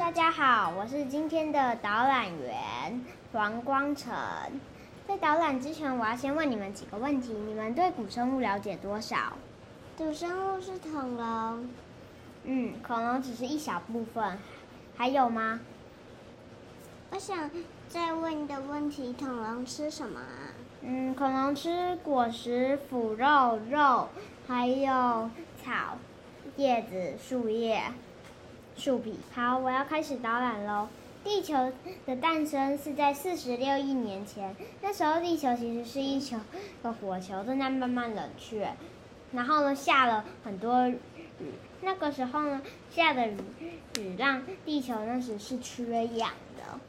大家好，我是今天的導覽員黃光澄。在導覽之前，我要先問你們幾個問題：你們對古生物了解多少？古生物是恐龍。嗯，恐龍只是一小部分，還有嗎？我想再問你的問題：恐龍吃什麼啊？嗯，恐龍吃果實、腐肉、肉，還有草、葉子、樹葉。好，我要開始導覽嘍。地球的誕生是在四十六億年前，那時候地球其實是一球的火球，正在慢慢冷卻。然後呢，下了很多雨。那個時候呢，下的雨讓地球那時是缺氧的。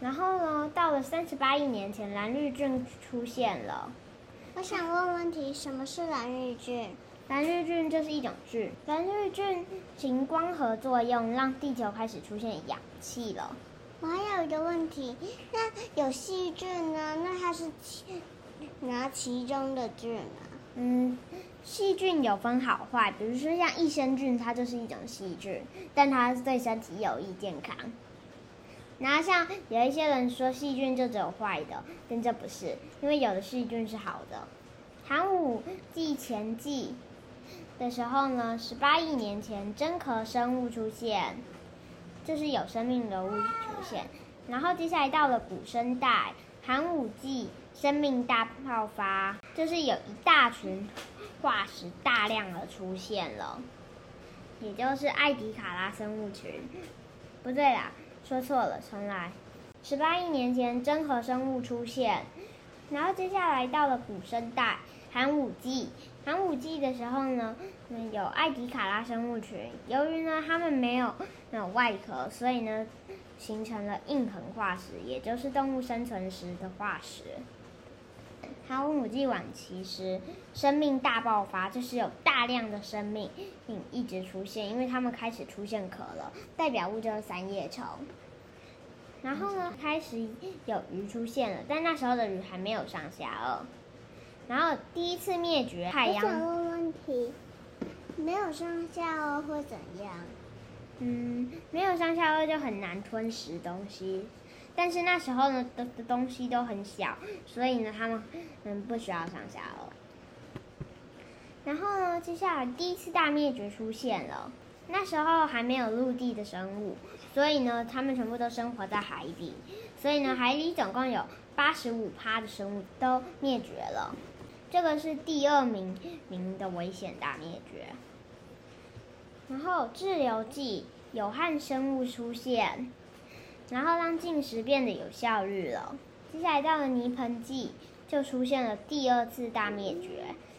然後呢，到了三十八億年前，藍綠菌出現了。我想問,問問題：什麼是藍綠菌？藍綠菌就是一種菌，藍綠菌行光合作用，讓地球開始出現氧氣了。我還有一個問題，那有細菌呢、啊？那它是其拿其中的菌嗎、啊？嗯，細菌有分好壞，比如說像益生菌，它就是一種細菌，但它對身體有益健康。拿像有一些人說細菌就只有壞的，但這不是，因為有的細菌是好的。寒武紀前紀。的時候呢，十八億年前，真核生物出現，就是有生命的物體出現。然後接下來到了古生代寒武紀，生命大爆發，就是有一大群化石大量的出現了，也就是埃迪卡拉生物群。不對啦，說錯了，重來。十八億年前，真核生物出現，然後接下來到了古生代寒武紀。寒武紀的時候呢，有艾迪卡拉生物群。由於呢，它們沒有沒有外殼，所以呢，形成了印痕化石，也就是動物生存時的化石。寒武紀晚期時，生命大爆發，就是有大量的生命一直出現，因為它們開始出現殼了，代表物就是三葉蟲。然後呢，開始有魚出現了，但那時候的魚還沒有上下顎。然後第一次滅絕，太陽。我想問問題，沒有上下顎會怎樣？嗯，沒有上下顎就很難吞食東西。但是那時候呢，的的東西都很小，所以呢，他們嗯不需要上下顎。然後呢，接下來第一次大滅絕出現了。那時候還沒有陸地的生物，所以呢，他們全部都生活在海底。所以呢，海裡總共有八十五趴的生物都滅絕了。這個是第二名名的危險大滅絕，然後志留紀有頜生物出現，然後讓進食變得有效率了。接下來到了泥盆紀，就出現了第二次大滅絕。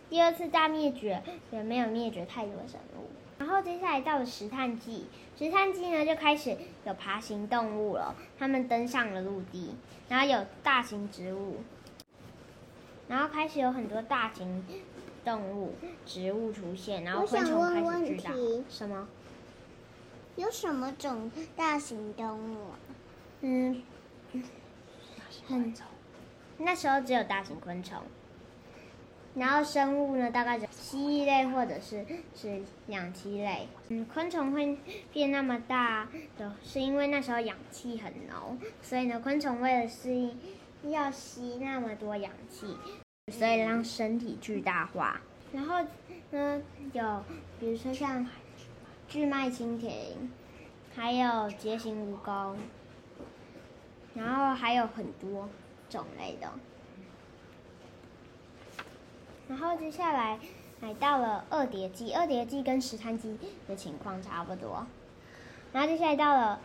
第二次大滅絕也沒有滅絕太多生物。然後接下來到了石炭紀，石炭紀呢就開始有爬行動物了，他們登上了陸地，然後有大型植物。然後開始有很多大型動物、植物出現，然後昆蟲開始巨大。什麼？有什麼種大型動物？嗯，大型昆蟲。很那時候只有大型昆蟲。嗯，然後生物呢，大概是蜥蜴類或者是是兩棲類。嗯，昆蟲會變那麼大的，是因為那時候氧氣很濃，所以呢，昆蟲為了適應。要吸那麼多氧氣，所以讓身體巨大化。嗯，然後呢，有比如說像巨脈蜻蜓，還有節形蜈蚣，然後還有很多種類的。然後接下來來到了二疊紀，二疊紀跟石炭紀的情況差不多。然後接下來到了。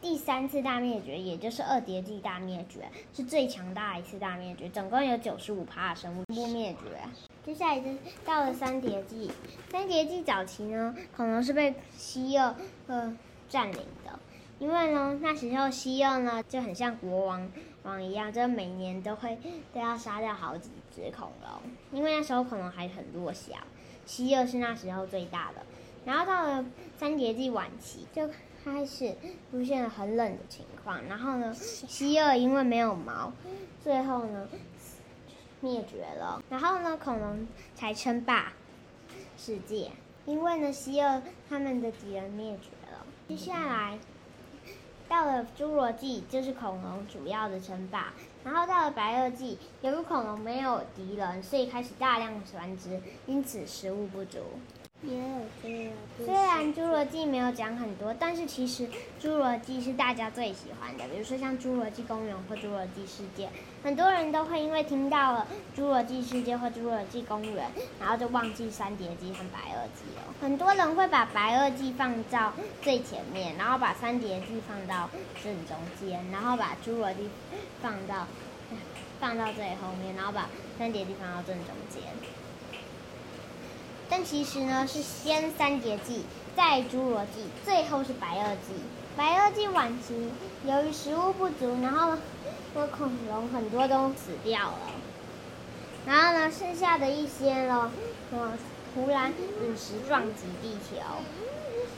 第三次大滅絕，也就是二疊紀大滅絕，是最強大的一次大滅絕，總共有九十五趴生物全部滅絕，啊。接下來就到了三疊紀，三疊紀早期呢，恐龍是被蜥蜴呃佔領的，因為呢那時候蜥蜴呢就很像國王王一樣，就每年都會都要殺掉好幾隻恐龍，因為那時候恐龍還很弱小，蜥蜴是那時候最大的。然後到了三疊紀晚期就。開始出現了很冷的情況，然後呢，蜥蜴因為沒有毛，最後呢滅絕了，然後呢恐龍才稱霸世界，因為呢蜥蜴他們的敵人滅絕了。接下來到了侏羅紀就是恐龍主要的稱霸，然後到了白堊紀由於恐龍沒有敵人，所以開始大量繁殖，因此食物不足。也有有雖然《侏羅紀》沒有講很多，但是其實《侏羅紀》是大家最喜歡的，比如說像《侏羅紀公園》或《侏羅紀世界》，很多人都會因為聽到了《侏羅紀世界》或《侏羅紀公園》，然後就忘記三疊紀和白堊紀了。很多人會把白堊紀放到最前面，然後把三疊紀放到正中間，然後把侏羅紀放到放到最後面，然後把三疊紀放到正中間。但其實呢，是先三疊紀，再侏羅紀，最後是白堊紀。白堊紀晚期，由於食物不足，然後呢，呃，恐龍很多都死掉了。然後呢，剩下的一些呢，嗯，忽然隕石撞擊地球。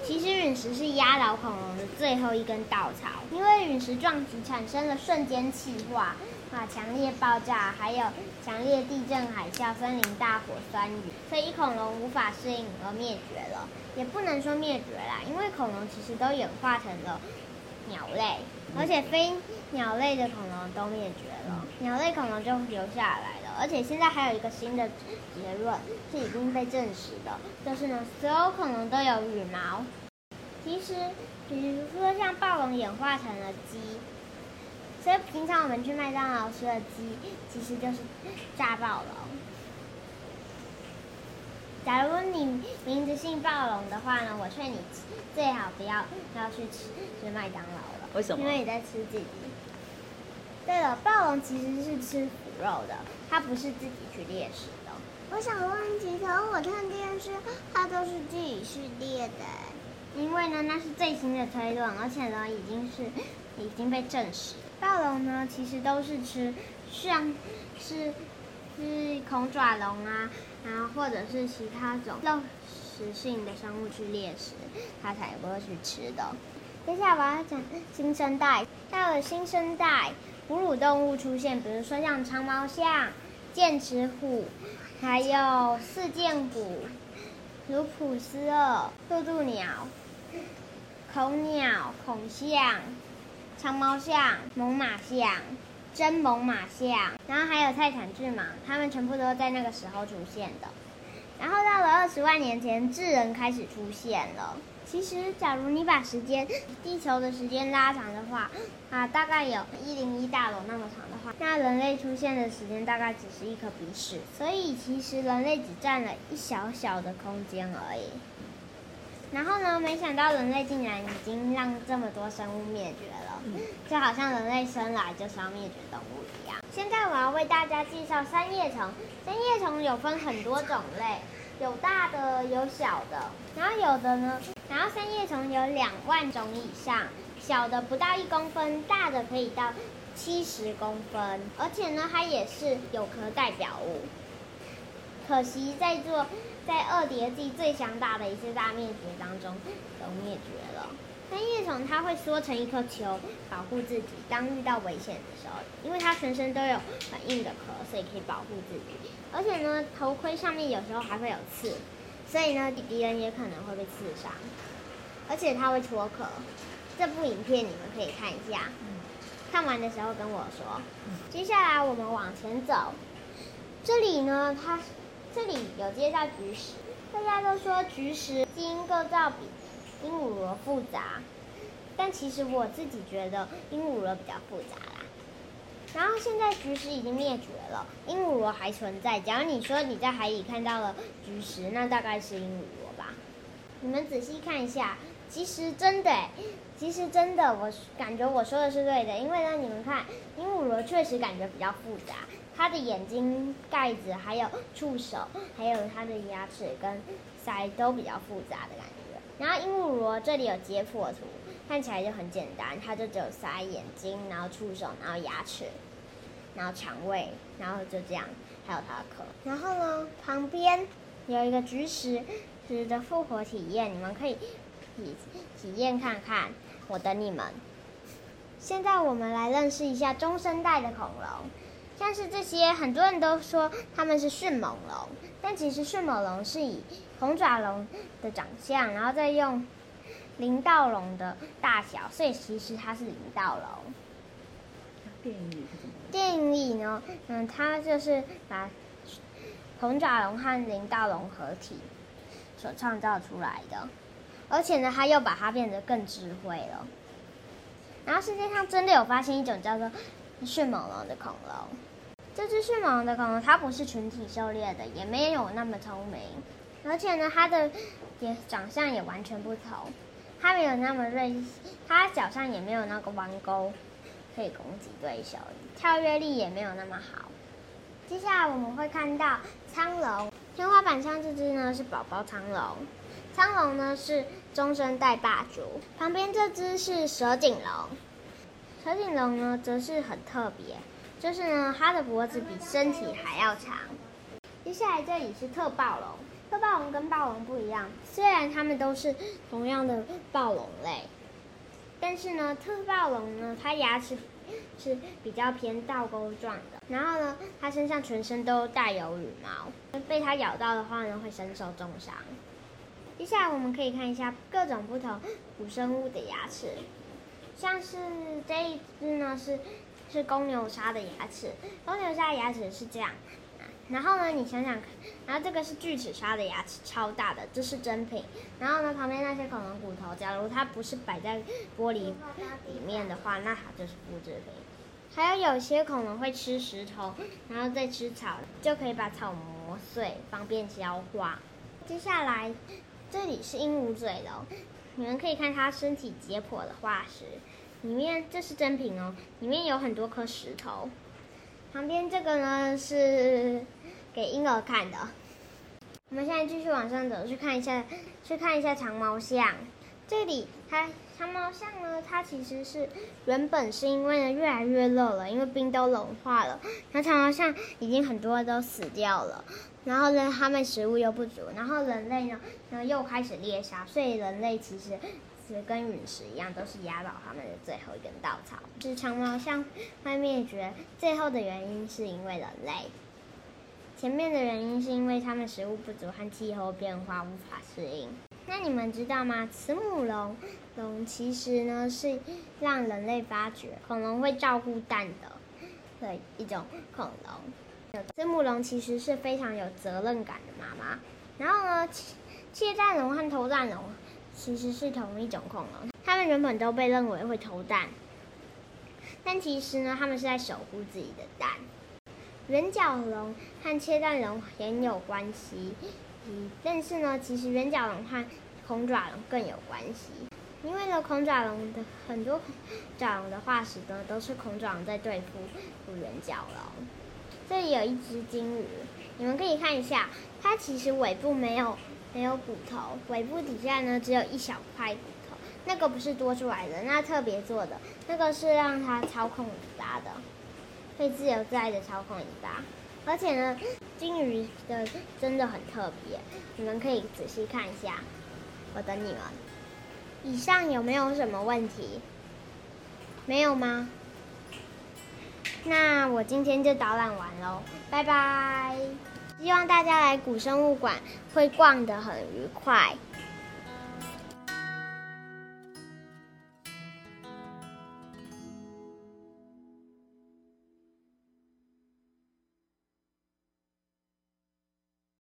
其實隕石是壓倒恐龍的最後一根稻草，因為隕石撞擊產生了瞬間氣化。啊！強烈爆炸，還有強烈地震、海嘯、森林大火、酸雨，所以恐龍無法適應而滅絕了。也不能說滅絕啦，因為恐龍其實都演化成了鳥類，而且非鳥類的恐龍都滅絕了，鳥類恐龍就留下來了，而且現在還有一個新的結論是已經被證實的，就是呢，所有恐龍都有羽毛。其實，比如說像暴龍演化成了雞。所以平常我們去麥當勞吃的雞，其實就是炸暴龍。假如你名字姓暴龍的話呢，我勸你最好不要不要去吃吃麥當勞了。為什麼？因為你在吃自己。對了，暴龍其實是吃腐肉的，它不是自己去獵食的。我想問幾條，我看電視它都是自己去獵的。因為呢，那是最新的推論，而且呢，已經是已經被證實了。暴龍呢，其實都是吃，像是是恐爪龍啊，然後或者是其他種肉食性的生物去獵食，它才不會去吃的。接下來我要講新生代，到了新生代，哺乳動物出現，比如說像長毛象、劍齒虎，還有四劍骨、盧普斯鱷、渡渡鳥,鳥、恐鳥、恐象。長毛象、猛獁象、真猛獁象，然後還有泰坦巨蟒，它們全部都在那個時候出現的。然後到了二十萬年前，智人開始出現了。其實，假如你把時間、地球的時間拉長的話，啊，大概有一零一大樓那麼長的話，那人類出現的時間大概只是一顆鼻屎。所以，其實人類只佔了一小小的空間而已。然後呢，沒想到人類竟然已經讓這麼多生物滅絕。就好像人類生來就是要滅絕動物一樣。現在我要為大家介紹三葉蟲。三葉蟲有分很多種類，有大的，有小的。然後有的呢，然後三葉蟲有兩萬種以上，小的不到一公分，大的可以到七十公分。而且呢，它也是有殼代表物。可惜在做在二疊紀最強大的一次大滅絕當中，都滅絕了。但葉蟲它會縮成一顆球保護自己，當遇到危險的時候，因為它全身都有很硬的殼，所以可以保護自己。而且呢，頭盔上面有時候還會有刺，所以呢，敵人也可能會被刺傷。而且它會脫殼，這部影片你們可以看一下。看完的時候跟我說。嗯、接下來我們往前走，這裡呢，它這裡有介紹菊石，大家都說菊石基因構造比。鸚鵡螺複雜，但其實我自己覺得鸚鵡螺比較複雜啦。然後現在菊石已經滅絕了，鸚鵡螺還存在。假如你說你在海裡看到了菊石，那大概是鸚鵡螺吧。你們仔細看一下，其實真的、欸，其實真的，我感覺我說的是對的。因為呢，你們看，鸚鵡螺確實感覺比較複雜，它的眼睛蓋子、還有觸手、還有它的牙齒跟鰓都比較複雜的感覺。然後鸚鵡螺這裡有解剖圖，看起來就很簡單，它就只有鰓、眼睛，然後觸手，然後牙齒，然後腸胃，然後就這樣，還有它的殼。然後呢，旁邊有一個菊石，菊石的復活體驗，你們可以體體驗看看，我等你們。現在我們來認識一下中生代的恐龍。但是這些，很多人都說他們是迅猛龍，但其實迅猛龍是以恐爪龍的長相，然後再用林道龍的大小，所以其實它是林道龍。電影裡是怎麼？電影裡呢？嗯，它就是把恐爪龍和林道龍合體所創造出來的，而且呢，它又把它變得更智慧了。然後世界上真的有發現一種叫做迅猛龍的恐龍。這隻迅猛龍的恐龍，它不是群體狩獵的，也沒有那麼聰明，而且呢，它的也長相也完全不同，它沒有那麼銳，它腳上也沒有那個彎鈎可以攻擊對手，跳躍力也沒有那麼好。接下來我們會看到滄龍，天花板上這隻呢是寶寶滄龍，滄龍呢是中生代霸主，旁邊這隻是蛇頸龍，蛇頸龍呢則是很特別。就是呢，它的脖子比身體還要長。接下來這裡是特暴龍，特暴龍跟暴龍不一樣，雖然它們都是同樣的暴龍類，但是呢，特暴龍呢，它牙齒是比較偏倒鈎狀的。然後呢，它身上全身都帶有羽毛，被它咬到的話呢，會身受重傷。接下來我們可以看一下各種不同古生物的牙齒，像是這一隻呢是。是公牛鯊的牙齒，公牛鯊牙齒是這樣。然後呢，你想想看，然後這個是巨齒鯊的牙齒，超大的，這是真品。然後呢，旁邊那些恐龍骨頭，假如它不是擺在玻璃裡面的話，那它就是複製品。還有有些恐龍會吃石頭，然後再吃草，就可以把草磨碎，方便消化。接下來，這裡是鸚鵡嘴龍，你們可以看它身體解剖的化石。裡面這是真品哦，裡面有很多顆石頭。旁邊這個呢，是給嬰兒看的。我們現在繼續往上走，去看一下，去看一下長毛象。這裡它長毛象呢，它其實是原本是因為呢，越來越熱了，因為冰都融化了，它長毛象已經很多都死掉了。然後呢，它們食物又不足，然後人類呢，又開始獵殺，所以人類其實。跟隕石一樣，都是壓倒它們的最後一根稻草。其實長毛象快滅絕，最後的原因是因為人類。前面的原因是因為它們食物不足和氣候變化無法適應。那你們知道嗎？慈母龍龍其實呢是讓人類發覺恐龍會照顧蛋的的一種恐龍。有慈母龍其實是非常有責任感的媽媽。然後呢，竊蛋龍和偷蛋龍。其實是同一種恐龍，它們原本都被認為會偷蛋，但其實呢，它們是在守護自己的蛋。原角龍和竊蛋龍也很有關係，但是呢，其實原角龍和恐爪龍更有關係，因為呢，恐爪龍的很多恐爪龍的化石呢，都是恐爪龍在對付原角龍。這裡有一隻鯨魚，你們可以看一下，它其實尾部沒有。沒有骨頭，尾部底下呢，只有一小塊骨頭，那個不是多出來的，那特別做的，那個是讓它操控尾巴的，可以自由自在的操控尾巴。而且呢，鯨魚的真的很特別，你們可以仔細看一下。我等你們，以上有沒有什麼問題？沒有嗎？那我今天就導覽完嘍，拜拜。希望大家來古生物館會逛得很愉快。